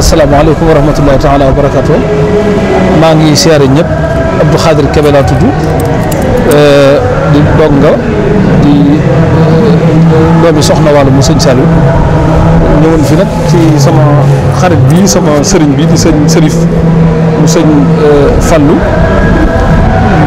asalaamaaleykum wa rahmatullahi taala wa barakaatu maa ngi siyaare ñëpp Abdou Khadir Kébé laa tudd euh, di donga di euh, doomi soxna wàllu mu sëñ Saliou ñëwoon fi nag ci sama xarit bi sama sëriñ bi di sëñ sërif mu sëñ euh, Fallou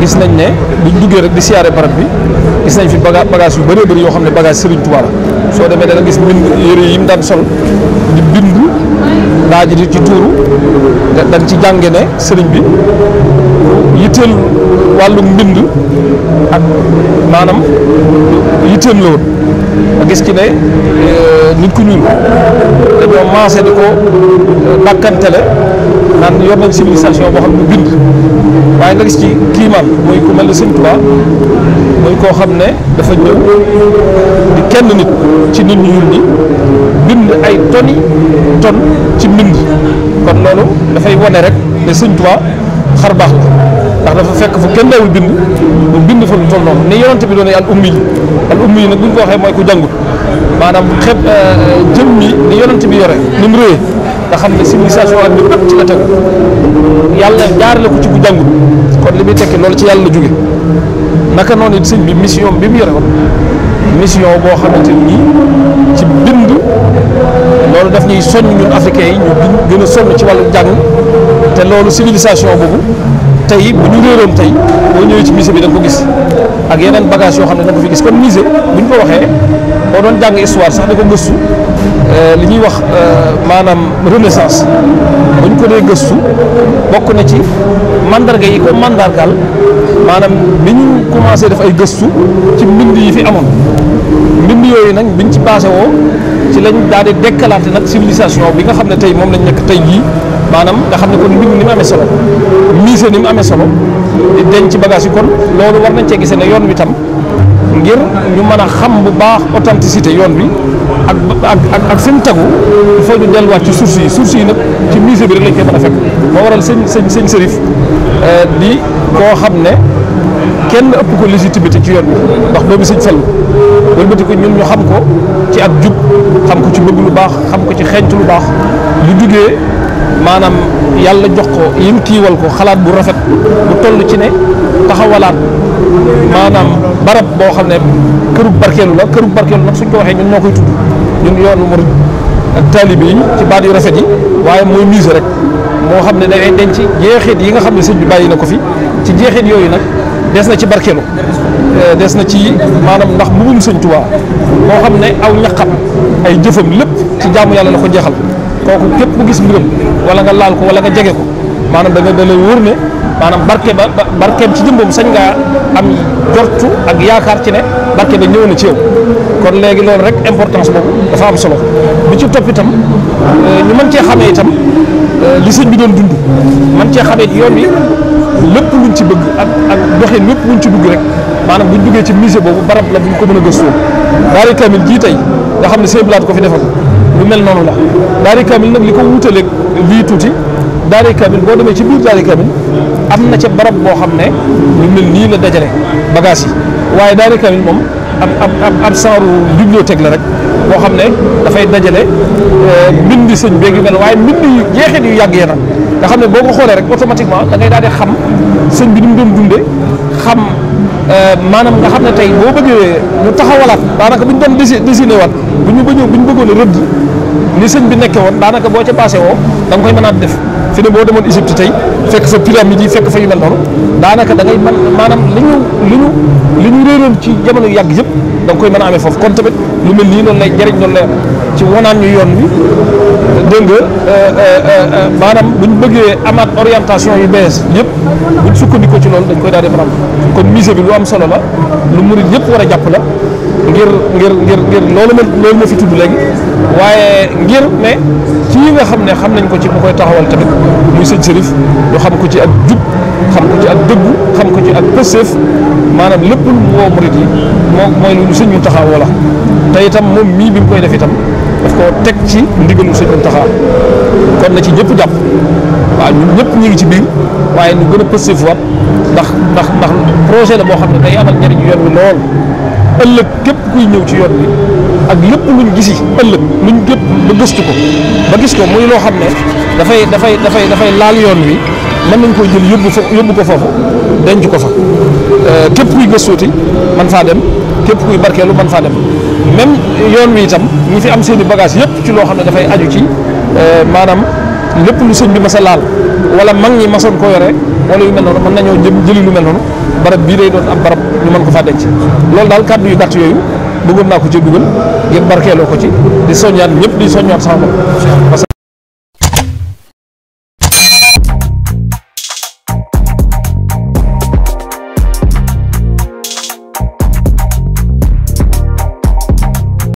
gis nañ ne buñ duggee rek di siyaare barab bi gis nañ fi baga bagage yu bëree bëri yoo xam ne bagage Serigne Touba la soo demee da nga gis bind yëre yi mu daan sol di bind daa di ci tuuru dañ ci jànge ne sëriñ bi yitteel wàllu mbind ak maanaam yitteel la a gis ci ne euh, nit ku ñuul dañoo maase di ko dàkkantele naan yor nañ civilisation boo xam ne bind waaye nga gis ci kiimaam muy ku mel ne muy koo xam ne dafa ñëw di kenn nit ci nit ñu ñuul ñi ay toni ton ci mbind kon loolu dafay wane rek ne Sëñ Tuubaa xar baax ndax dafa fekk fu kenn daawul bind mu bind fa lu toll noonu ni yonante bi doon al ummi yi al ummi yi nag bu ñu ko waxee mooy ku jàngut maanaam xeb euh, jëm mi ni yonante bi yore ni mu rëyee nga xam ne civilisation ak bi bépp ci la tegu yàlla jaarale ko ci ku jàngut kon li muy tekki loolu ci yàlla la jóge naka noonu it bi mission bi mu yore mission boo xamante ni ci bind loolu daf ñuy soññ ñun africains yi ñu gën a sonn ci wàllu jàng te loolu civilisation boobu tey bu ñu réeroon tey boo ñëwee ci musée bi da ko gis ak yeneen bagage yoo xam ne da ko fi gis kon musée bu ñu ko waxee boo doon jàng histoire sax da ko gëstu euh, li ñuy wax euh, maanaam renaissance bu ñu ko dee gëstu bokk na ci mandarga yi ko mandargaal maanaam bi ñu commencé def ay gëstu ci mbind yi fi amoon mbind yooyu nag biñ ci passé woo ci lañ daal di dekkalaate nag civilisation bi nga xam ne tey moom lañ nekk tey jii maanaam nga xam ne ko mbind ni musée ni mu amee solo di denc bagage yi kon loolu war nañ cee gisee ne yoon wi tam ngir ñu mën a xam bu baax authenticité yoon bi ak ak ak fi mu tegu il faut ñu delluwaat ci source yi source yi nag ci musée bi rek lañ koy mën a fekk moo waral sëñ sëñ Serif euh, di koo xam ne kenn ëpp ko légitimité ci yoon bi ndax doomi seen Fall wëlbati ko ñun ñu xam ko ci ak jub xam ko ci bëgg lu baax xam ko ci xeeñtu lu baax lu jugee maanaam yàlla jox ko yim kiiwal ko xalaat bu rafet bu toll ci ne taxawalaat maanaam barab boo xam ne kërub barkeelu la kërub barkeelu nag suñ ko waxee ñun ñoo koy tudd ñun yoon murid ak taalibe yi ci baat yu rafet yi waaye mooy musée rek moo xam ne dangay denc jeexit yi nga xam ne sëñ bi bàyyi na ko fi ci jeexit yooyu nag des na ci barkeelu euh, des na ci maanaam ndax mbubbum sëñ Tuubaa moo xam ne aw ñaqam ay jëfam lépp ci jaamu yàlla la ko jeexal kooku képp ku gis mbiram wala nga laal ko wala nga jege ko maanaam danga nga da lay ne maanaam barke ba barkeem ci jëmbam sañ ngaa am jortu ak yaakaar ci ne barke ba ñëw na ci yow kon léegi loolu rek importance boobu dafa am solo bi ci topp itam euh, ñu mën cee xamee itam euh, li sëñ bi doon dund mën cee xamee yoon wi lépp luñ ci bëgg ak ak doxin lépp luñ ci dugg rek maanaam buñ duggee ci musée boobu barab la buñ ko mën a gëstu daari kamil jii tey nga xam ne sëñ Blaat ko fi defal lu mel noonu la daari kamil nag li ko wutaleeg lii tuuti daari kamil boo demee ci biir daari kamil am na ca barab boo xam ne lu mel nii la dajale bagage yi waaye daari kamil moom ab ab ab saaru bibliothèque la rek boo xam ne dafay dajale euh, mbindi sëñ beeg yu mel waaye mbindi yu jeexit yu yàggee nag nga xam ne boo ko xoolee rek automatiquement da ngay daal di xam sëñ bi ni mu doon dundee xam. Euh, maanaam nga xam ne tey boo bëggee ñu taxawalaat daanaka bu ñu doon dessiné waat bu ñu bëggoon bu ñu bëggoon rëdd ni sëñ bi nekkee woon daanaka boo ca passé woo da koy mënaat def. fi ne boo demoon Égypte tey fekk fa pyramide yi fekk fa yu mel noonu daanaka dangay man maanaam li ñu lu ñu li ñu réeroon ci jamono yàgg yëpp da nga koy mën a amee foofu kon tamit lu mel nii noonu lay jëriñ noonu lay ci wanaan ñu yoon wi dégg nga euh, euh, euh, maanaam bu ñu bëggee amaat orientation yu bees yëpp bu ñu sukkandikoo ci loolu dañ koy daal di faram kon musée bi lu am solo la lu murit yëpp war a jàpp la ngir ngir ngir ngir loolu ma loolu ma fi tudd léegi waaye ngir ne kii nga xam ne xam nañ ko ci mu koy taxawal tamit muy sëñ Serif ñu xam ko ci ak jub xam ko ci ak dëggu xam ko ci ak pëseef maanaam lépp lu mu woo murit yi moom mooy lu sëñ ñu taxawoo la te itam moom mii bi mu koy def itam daf koo teg ci ndigalu sëñ ñu taxaw kon na ci ñëpp jàpp waaw ñun ñëpp ñu ngi ci biir waaye nu gën a pëseef waat ndax ndax ndax projet la boo xam ne day amal njëriñ yoon wi lool. ëllëg képp kuy ñëw ci yoon bi ak lépp luñ gisi ëllëg luñ gépp ba gëstu ko ba gis ko muy loo xam ne dafay dafay dafay dafay laal yoon wi mën nañ koy jël yóbbu fa yóbbu ko foofu denc ko fa euh, képp kuy ti man faa dem képp kuy barkeelu man faa dem même yoon wi itam ñi fi am seen i bagage ci loo xam ne dafay aju ci euh, maanaam lépp lu sëñ bi ma a laal wala mag ñi masoon ko yore wala yu mel noonu mën nañoo jëm jëli lu mel noonu barab bii day doon am barab ñu man ko faa denc loolu daal kàddu yu gàtt yooyu bëggoon naa ko ci dugal ngeen barkeeloo ko ci di soññaat ñëpp di soññaat sama bopp